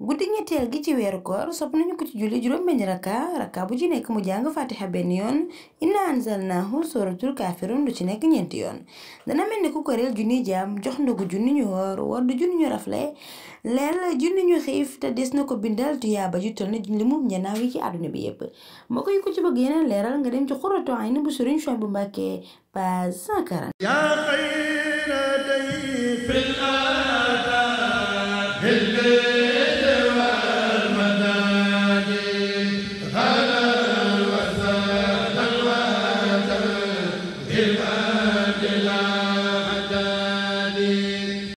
guddi ñetteel gi ci weeru koor sopp nañu ko ci julli juróom benn raka raka bu ci nekk mu jàng fatiha benn yoon inna anzalnahu suratul kafirun lu ci nekk ñeenti yoon dana mel ni ku koreel junniy jaam jox ndogu junni ñu woor wodd junni ñu te des na ko bindal tuyaaba ju toll na li mu ñanaaw yi ci àdduna bi yépp mbokk yi ko ci bëgg yeneen leeral nga dem ci xuratu ayni bu sëriñ Suwaybu Mbàkke page 140 ila